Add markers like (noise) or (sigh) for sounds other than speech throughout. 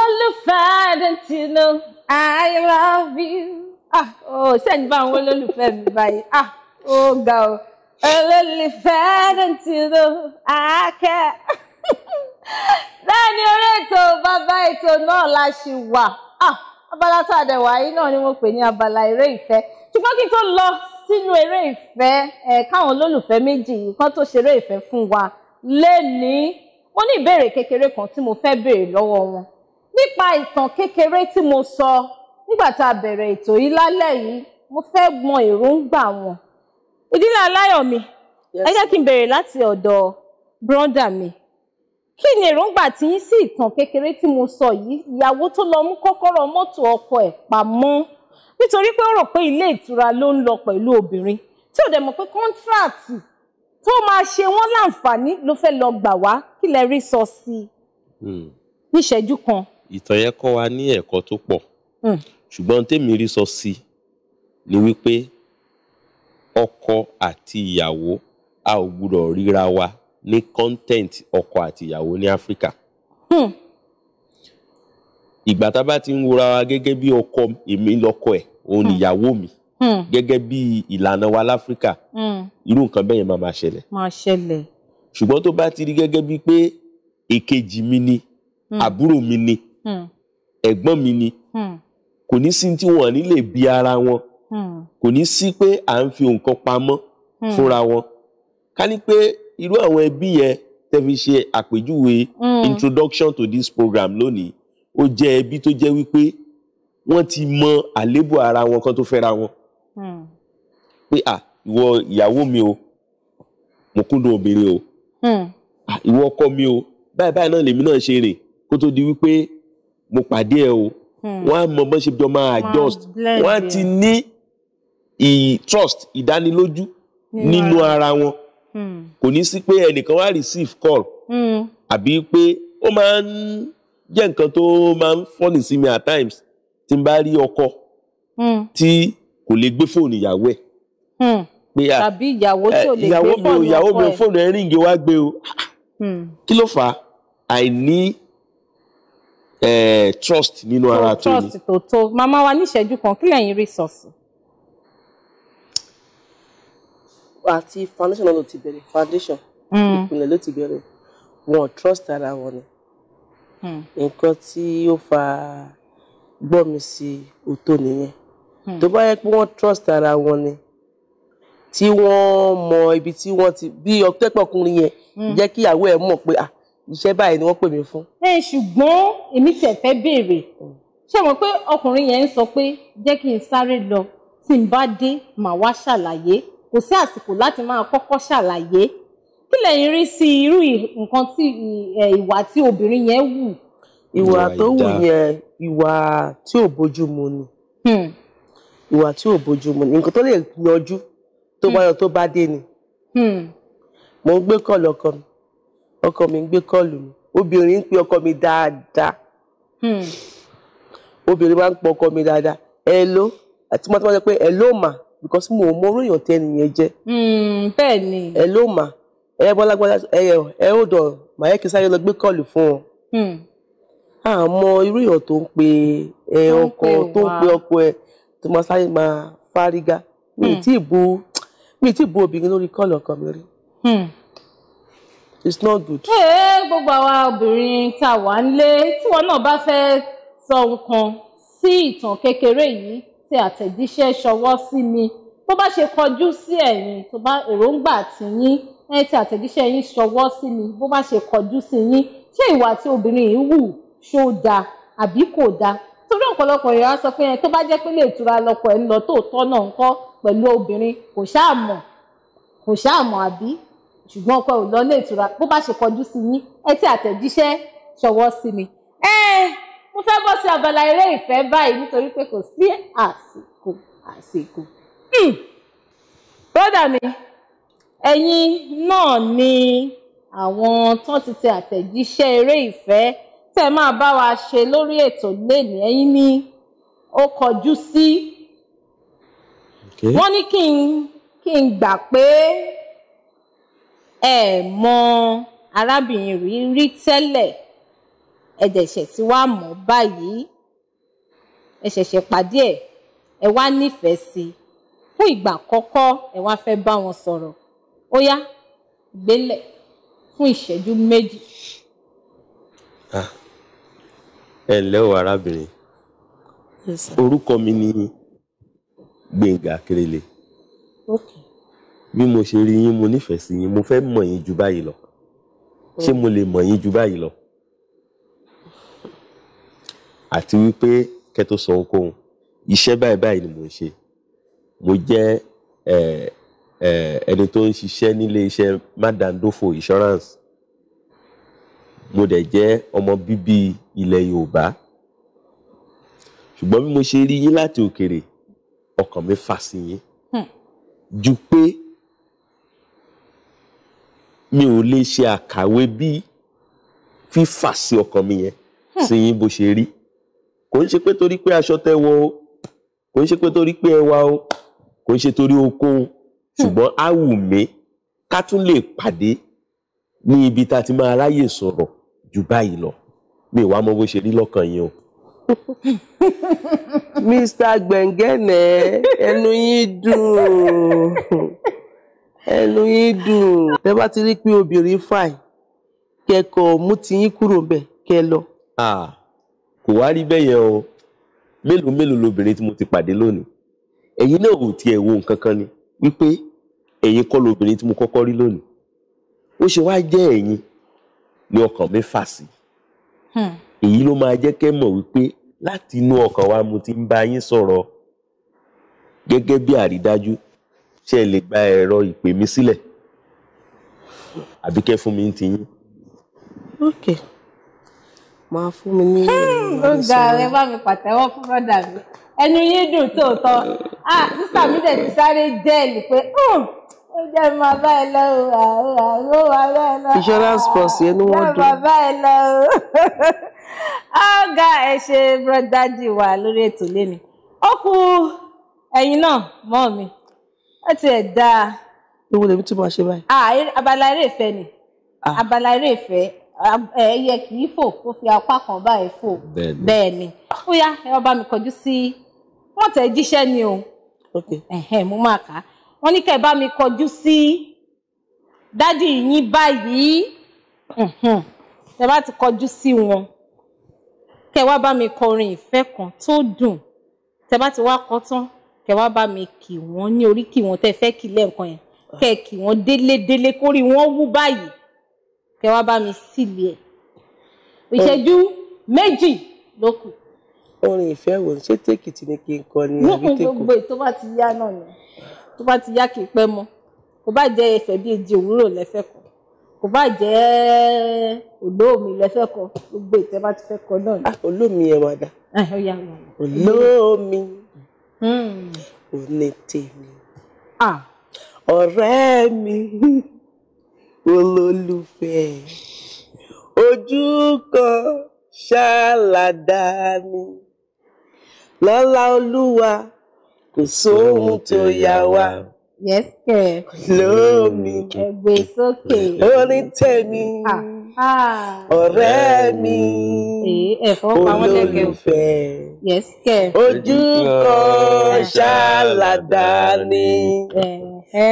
olólùfẹ́ don't you know I love you. ah oh sẹ́ni bá àwọn olólùfẹ́ mi báyìí ah ó ga o olólùfẹ́ don't you know I care. (laughs) bẹ́ẹ̀ ni orí ètò bàbá ètò náà la ṣì wà ah abala tá a dẹ̀ wá yìí náà ni mo pè ní abala eré ìfẹ́ ṣùgbọ́n kí n tó lọ sínú eré ìfẹ́ ẹ̀ káwọn olólùfẹ́ méjì yìí kan tó ṣeré ìfẹ́ fún wa lénìí mo ní ìbéèrè kékeré kan tí mo fẹ́ béèrè lọ́wọ́ wọn nípa ìtàn kékeré tí mo sọ nígbà tá a bẹ̀rẹ̀ ètò yìí lálẹ́ yìí mo fẹ́ mọ èròǹgbà wọn ìdílé aláyọ̀ mi ẹ jẹ́ kí n bẹ̀rẹ̀ láti ọ̀dọ̀ brọ́dà mi kí ni èròǹgbà tí yín sí ìtàn kékeré tí mo sọ yìí ìyàwó tó lọ mú kọ́kọ́rọ́ mọ́tò ọkọ ẹ̀ pamọ́ nítorí pé ó rò pé ilé ìtura ló ń lọ pẹ̀lú obìnrin tí ò dẹ̀ mọ̀ pé kọ́ńtíráàtì tó máa ṣe wọ́n láǹfààní ló fẹ́ lọ gbà wá kí lẹ rí sọ sí i hmm. níṣẹ́jú kan ìtàn yẹn kọ́ wa ní ẹ̀kọ́ tó pọ̀ hmm. ṣùgbọ́n tèmi rí sọ sí ni wípé ọkọ àti ìyàwó a ò gbúdọ̀ ríra wa ní content ọkọ àti ìyàwó ní Áfíríkà hmm. ìgbà tá a bá ti ń wura wa gẹ́gẹ́ bí ọkọ èmi lọ́kọ ẹ̀ òun nìyàwó hmm. mi gẹ́gẹ́ bí ìlànà wa láfíríkà irú nǹkan bẹ́ẹ̀ yẹn máa máa ṣẹlẹ̀ máa ṣẹlẹ̀ ṣùgbọ́n tó bá ti rí gẹ́gẹ́ bíi pé èkejì mi ni àbúrò mi ni Hmm. ẹ̀gbọ́n mi ni hmm. kò ní sí tí wọn ní lè bi ara wọn hmm. kò ní sí pé à ń fi nǹkan pamọ́ fúnra wọn ká ní pé irú àwọn ẹbí yẹn tẹ́ fi ṣe àpèjúwe introduction to this program lónìí ó jẹ́ ẹbí tó jẹ́ wípé wọ́n ti mọ àléébù ara wọn kan tó fẹ́ra wọn pé à ìwọ ìyàwó mi o mo kúndùn obìnrin o ìwọ ọkọ mi o báyìí báyìí náà lèmi náà ṣe rìn kó tó di wípé mo pàdé ẹ o hmm. wọ́n á mọ bó ṣe jọ máa adjust wọ́n á ti ní trust ìdánilójú nínú ara wọn hmm. kò ní sí pé ẹnìkan wá receive call hmm. àbí pé ó máa ń jẹ́ nǹkan tó máa ń fọ́nì sí mi at times tí n bá rí ọkọ tí kò lè gbé fóònù ìyàwó ẹ̀ pé ah, tàbí ìyàwó eh, tí ò lè gbé fóònù ọkọ ẹ̀ ìyàwó mi ò fóònù ẹ̀ ríǹgì wá gbé o kí ló fà á àìní Eh, trust nínú ara tó ní. trust tó tó màmá wa níṣẹ́jú kan kí lẹ́yìn rí sọ̀sì. àti foundation náà ló ti bẹ̀rẹ̀ foundation hmm. ìpìlẹ̀ ló ti bẹ̀rẹ̀ wọn trust ara wọn ni hmm. nǹkan tí ó fa gbọ́ mi sí òótọ́ nìyẹn hmm. tó bá yẹ pé wọ́n trust ara wọn ni tí wọ́n mọ ibi tí wọ́n ti bí ọ̀tẹ́pọ̀kùnrin yẹn jẹ́ kí ìyàwó ẹ̀ mọ̀ pé ah iṣẹ́ báyìí ni wọ́n pè mí fún. ẹ ṣùgbọ́n èmi tiẹ̀ fẹ́ béèrè ṣé mo pé ọkùnrin yẹn ń sọ pé jẹ́ kí n sáré lọ tí n bá dé màá wá ṣàlàyé kò sí àsìkò láti máa kọ́kọ́ ṣàlàyé kí lẹ̀yin rí sí irú nǹkan tí ìwà tí obìnrin yẹn wù. ìwà tó wù yẹn ìwà tí ò bójúmu ni hmm. ìwà tí ò bójúmu ni nǹkan tó lè yanjú tó bá hmm. yọ tó bá dé ni hmm. mo ń gbé kọ́ lọ́kọ mi ọkọ mi ń gbé kọ́ọ̀lù mi obìnrin ń pe ọkọ mi dáadáa hmm. obìnrin máa ń pọ ọkọ mi dáadáa hello àti mo ti máa sọ pé hello mà because mo ò mọ orí èèyàn tẹ́ nìyẹn jẹ́. Hmm, bẹ́ẹ̀ ni. hello mà ẹ bọ́lágbọ́lá ẹ ẹ ó dọ̀ màá yẹ kí sáré lọ gbé kọ́ọ̀lù fún ọ. àmọ́ hmm. irú èèyàn tó ń pe ẹ ọkọ tó ń pe ọkọ ẹ tó máa sáré máa fárígá mi ì tí ì bu mi ì tí ì bu obìnrin lórí kọ́ọ̀lù ọkọ mi rí it's not good. ṣé gbogbo àwa obìnrin tá a wà nílé tí wọn náà bá fẹ́ sọ nǹkan sí ìtàn kékeré yìí tí àtẹ̀jíṣẹ́ ṣọwọ́ sí mi tó bá ṣe kọjú sí ẹ̀yin tó bá èròǹgbà tìyín ẹni tí àtẹ̀jíṣẹ́ yín ṣọwọ́ sí mi bó bá ṣe kọjú sí yín ṣé ìwà tí obìnrin yìí wù ṣó dáa àbí kò dáa torí ọ̀pọ̀lọpọ̀ èèyàn sọ pé tó bá jẹ́ pé lè tura lọ́pọ̀ ẹ̀ ń lọ tóòtọ́ náà ń kọ́ obìnrin kò ṣáà mọ̀ kò ṣáà mọ̀ àbí ṣùgbọ́n ọkọ ò lọ ilé ìtura bó bá ṣe kọjú sí yín ẹ tí àtẹ̀jíṣẹ́ ṣọwọ́ sí mi. ẹ mo fẹ́ bọ́ sí abala eré ìfẹ́ báyìí nítorí pé kò sí àsìkò àsìkò. Hmm. bọ́dà mi ẹ̀yin náà ni àwọn tán ti tẹ àtẹ̀jíṣẹ́ eré ìfẹ́ tẹ́ máa bá wa ṣe lórí ètò lẹ́nu ẹ̀yin ni ó kọjú sí. wọ́n ní kí n kí n gbà pé ẹ mọ arábìnrin rí rí tẹ́lẹ̀ ẹ dẹ̀ṣẹ̀ tí wàá mọ̀ báyìí ẹ ṣẹ̀ṣẹ̀ pàdé ẹ̀ ẹ wá nífẹ̀ẹ́ sí i fún ìgbà àkọ́kọ́ ẹ wá fẹ́ bá wọn sọ̀rọ̀ ó yá gbélẹ̀ fún ìṣẹ́jú méjì. ẹ ǹlẹ́ o arábìnrin orúkọ mi ni Gbénga Okay bí mo ṣe rí yín mo nífẹ̀ẹ́ sí yín mo fẹ́ mọ̀ yín ju báyìí lọ ṣé mo lè mọ̀ yín ju báyìí lọ àti wípé kẹ́ tó sọ ohunkóhun iṣẹ́ báyìí báyìí ni mò ń ṣe mo jẹ́ ẹni tó ń ṣiṣẹ́ nílé iṣẹ́ Madandofo insurance mo dẹ̀ jẹ́ ọmọ bíbí ilẹ̀ Yorùbá ṣùgbọ́n bí mo ṣe rí yín láti òkèrè ọkàn mi fà sí yín hmm. ju pé mi ò lè ṣe àkàwé bí fífà sí ọkàn mi yẹn hmm. sí yín bó ṣe rí kò ń ṣe pé torí pé aṣọ tẹ́ wọ̀ o kò ń ṣe pé torí pé ẹwà o kò ń ṣe torí ohunkóhun hmm. ṣùgbọ́n á wù mí ká tún lè pàdé ní ibi tá a ti máa ráyè sọ̀rọ̀ jù báyìí lọ mi wàá mọ bó ṣe rí lọ́kàn yín o. (laughs) Mr. Gbẹ̀ngẹ́nẹ̀ ẹnu yín dùn. (laughs) ẹnu yín dùn bẹ́ẹ̀ bá ti rí pé obìnrin fàì kẹ́kọ̀ọ́ mú ti yín kúrò bẹ̀ kẹ́ lọ. kò wá rí bẹ́ẹ̀ yẹn o mélòó mélòó lobìnrin tí mo ti pàdé lónìí ẹ̀yin náà ò tiẹ̀ wo nǹkan kan ni wípé ẹ̀yin kọ́ lobìnrin tí mo kọ́kọ́ rí lónìí ó ṣe wá jẹ́ ẹ̀yin ni ọkàn mi fà sí hmm. èyí ló máa jẹ́ kẹ́ mọ̀ wípé láti inú ọkàn wa mo ti ń bá yín sọ̀rọ̀ gẹ́gẹ́ bí àrídájú ṣé ẹ lè gba ẹ̀rọ ìpè mi sílẹ̀ Àbíkẹ́ fún mi ti yín. ok máa fún mi ní. ó ga ẹ bá mi pàtẹ́wọ́ fún bọ́dà mi ẹnu yín dùn tóòtọ́ ah sísá mi dẹ̀ ti sáré jẹ́ẹ̀lì pé hmm, ó jẹ́ máa bá ẹ lọ ẹ lọ. ẹnu wọn dùn. ẹ lọ (laughs) ẹ ti ẹ̀ dáa. ewu lèmi tún máa ṣe báyìí. Ah, abala eré ìfẹ́ ni ah. abala eré ìfẹ́ ẹyẹ kì í fò ó fi apá kan báyìí fò bẹ́ẹ̀ ni ah. ó yá ẹ ọba mi kọjú sí wọ́n tẹ̀ jíṣẹ́ ni o mo máa kà á wọ́n ní kẹ́ ẹ bá mi kọjú sí dádì yín báyìí ẹ bá ti kọjú sí wọn kẹ́ wá bá mi kọrin ìfẹ́ kan tó dùn tẹ́ bá ti wá kọ tán kẹ wá bá mi kì wọ́n ní orí kì wọ́n tẹ́ fẹ́ kì lẹ́ẹ̀kan yẹn kẹ kì wọ́n délé délé kórè wọ́n wú báyìí kẹ wá bá mi sílé ẹ̀ ìṣẹ́jú méjì ló kù. orin ìfẹ́ wo ṣé tèkìtì ni kí n kọ ni àbí tèkù. gbogbo ètò bá ti yá náà ni tó bá ti yá kì í pẹ́ mọ́ kò bá jẹ́ ẹ̀fẹ̀ bíi èjì òwúrò lẹ́fẹ́ kọ kò bá jẹ́ olómi lẹ́fẹ́ kọ gbogbo ìtẹ́ bá ti fẹ́ kọ náà ni. olómi ah, ẹ̀ wà dá. olómi. Ah, òní hmm. tèmi ah. ọ̀rẹ́ mi olólùfẹ́ ojú kan ṣáàlàdà mi lọ́lá olúwa kò sóhun tó yà wá. Yes, kẹ̀. Lómi. Ẹgbẹ́ e sókè. Orin tèmi. Ah. Ah. ọ̀rẹ́ mi olùfẹ́ ojúkọ ṣàlàdání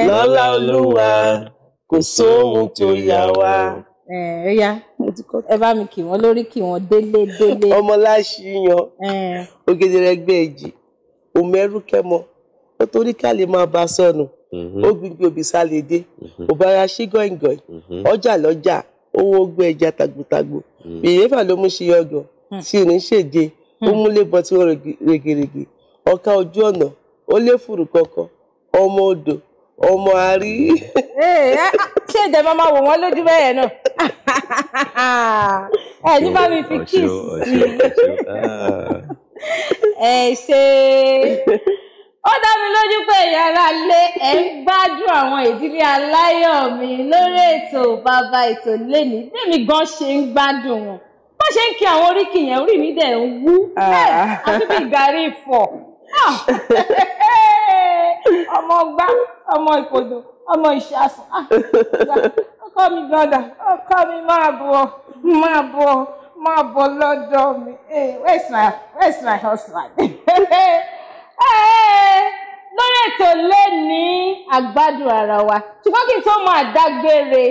lọ́lá olúwa kò sóhun tó yà wá. ẹ bá mi kì wọ́n lórí kì wọ́n délé délé. ọmọláṣíyan ògèdèrè gbèjì òmẹrùkẹmọ ó torí ká lè máa bá sọnù mhm. ó gbin bí obì dé òbára mhm. ṣígọ̀ǹgọ̀ǹ mhm. ọjà lọ́jà owó gbé ẹja tàgbòtàgbò ìyẹ́fà hmm. ló mú ṣe ọgàn tí ò ní ṣèje ó hmm. múlé bọ tí wọn règèrègè ọ̀ka ojú ọ̀nà ó lé fùrù kọ̀ọ̀kan ọmọ odò ọmọ àárí. (laughs) ṣé ìjọba máa wò wọ́n lójú bẹ́ẹ̀ náà (laughs) mi fi kíìsì (laughs) ẹ ó dá mi lójú pé ẹ̀yin aráalé ẹ̀ ń àwọn ìdílé aláyọ̀ mi lórí ètò bàbá ètò lẹ́ni bẹ́ẹ̀mi gan ṣe ń gbádùn wọn bó ṣe ń kí àwọn oríkì yẹn orí mi dẹ̀ ń wú àti ah. bí gàrí ìfọ̀ ah. (laughs) ọmọ ọgbà ọmọ ìkòdò ọmọ ah. ọkọ mi ọkọ mi máa bọ máa bọ máa bọ mi eh, (laughs) Eh, lórí ètò lẹ́ni àgbádùn ara wa ṣùgbọ́n kí n tó máa dágbére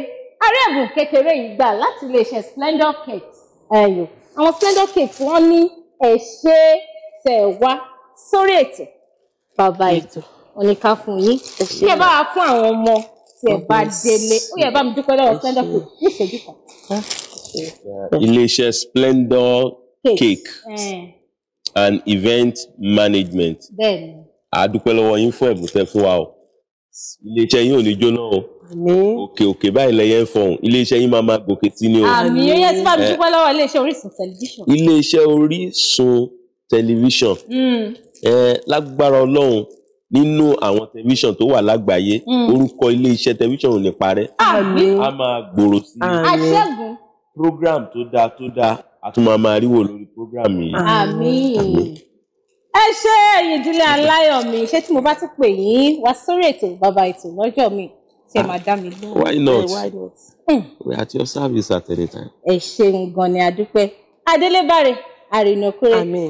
arẹ́gùn kékeré yìí gbà láti iléeṣẹ́ Splendor Cakes ẹ̀yìn àwọn Splendor Cakes wọ́n ní ẹ̀ṣẹ́ tẹ̀ wá sórí ètò bàbá ètò oníkà fún yín kí ẹ bá wa fún àwọn ọmọ tí ẹ bá délé ó yẹ bá mi dúpẹ́ lọ́wọ́ Splendor Cakes ní ìṣẹ́jú kan. iléeṣẹ́ Splendor Cake. cake. Eh and event management. bẹ́ẹ̀ni. a dúpẹ́ lọ́wọ́ yín fún ẹ̀bùn tẹ́ fún wa o iléeṣẹ́ yín ò ní jóná o òkè òkè báyìí lẹ́yẹ ń fọhùn iléeṣẹ́ yín máa máa gòkè tí ni o. àmì yóò yẹ tí bá mi eh. dúpẹ́ lọ́wọ́ iléeṣẹ́ Orísun tẹlifíṣàn. iléeṣẹ́ Orísun tẹlifíṣàn hmm. ẹ lágbára Ọlọ́run nínú àwọn tẹlifíṣàn tó wà lágbàáyé hmm. orúkọ iléeṣẹ́ tẹlifíṣàn ò ní parẹ́ a máa gbòòrò sí i. àṣẹ́gun. program tó dáa tó dáa a tún máa máa ríwò lórí program yìí. àmín ẹ ṣe ẹ̀yin ìdílé aláyọ̀ mi ṣé tí mo bá ti pè yín wá sórí ètò bàbá ètò lọ́jọ́ mi tí ẹ máa dá mi lóhùn. why not why not. Hmm. we are at your service at any time. ẹ ṣeun gan ni adúpẹ́ adélébàrè àrìnàkúrẹ́. àmín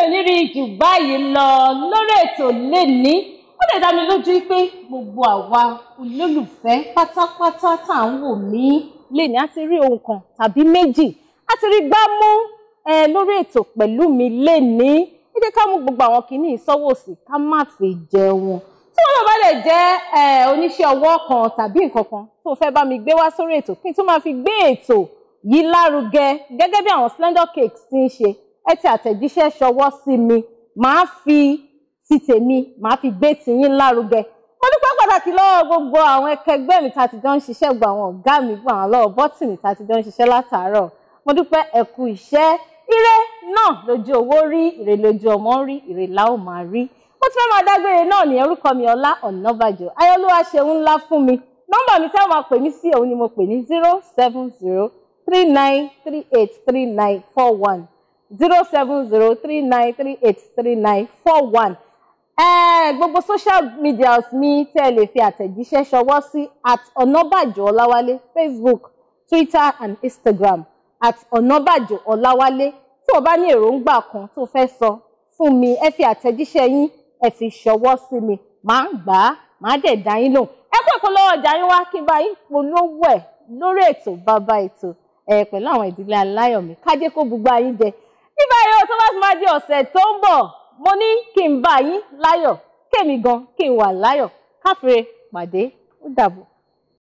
ò ní rí jù báyìí lọ lórí ètò lẹ́ni ó lè dá mi lójú pé gbogbo àwa olólùfẹ́ pátápátá tá à ń wò mí lè ní a ti rí ohun kan tàbí méjì a ti rí gbámú ẹ lórí ètò pẹ̀lú mi lè ní ẹ jẹ́ ká mú gbogbo àwọn kìíní ìsọ́wọ́sì ká má fi jẹun tí wọ́n bá lè jẹ́ oníṣẹ́ ọwọ́ kan tàbí nǹkan kan tó fẹ́ bá mi gbé wá sórí ètò kí n tún máa fi gbé ètò yìí lárugẹ gẹ́gẹ́ bí àwọn Slender Cakes ti ń ṣe ẹ ti àtẹ̀jíṣẹ́ ṣọwọ́ sí mi màá fi ti tèmi màá fi gbé tiyín lárugẹ pàtàkì lọ́wọ́ gbogbo àwọn ẹkẹgbẹ́ mi tá a ti jọ ń ṣiṣẹ́ gbogbo àwọn ọ̀gá mi gbogbo àwọn lọ́wọ́ bọ́tì mi tá a ti jọ ń ṣiṣẹ́ látàárọ̀ mo dúpẹ́ ẹ̀kú iṣẹ́ ire náà lójú owó rí ire lójú ọmọ rí ire la ó máa rí mo ti fẹ́ máa dágbére náà nìyẹn orúkọ mi Ọlá Ọ̀nàbàjọ ayọ́lúwa ṣeun ńlá fún mi nọ́mbà mi tẹ́ máa pè mí sí òun ni mo pè ní zero seven zero three nine three eight three nine four one zero seven zero three nine three eight three nine four one. Eh, gbogbo social media mi tẹ́ ẹ lè fi àtẹ̀jíṣẹ́ ṣọwọ́ sí at ọ̀nàbàjò ọláwálé facebook twitter and instagram at ọ̀nàbàjò ọláwálé tí o bá ní èròǹgbà kan tó fẹ́ sọ fún mi ẹ fi àtẹ̀jíṣẹ́ yín ẹ fi ṣọwọ́ sí mi màá gbà á màá dẹ̀ dá yín lò ẹ kó ìpolówó ọjà yín wá kí n bá yín polówó ẹ̀ lórí ètò bàbá ètò ẹ pẹ̀lú àwọn ìdílé aláyọ̀mí kájé kó gbogbo ayín jẹ bí báyìí o tó bá ti máa di ọ̀sẹ̀ tó ń bọ̀ mo ní kí n bá yín láyọ̀ kémi gan kí n wà láyọ̀ káfíńre pàdé ó dàbọ̀.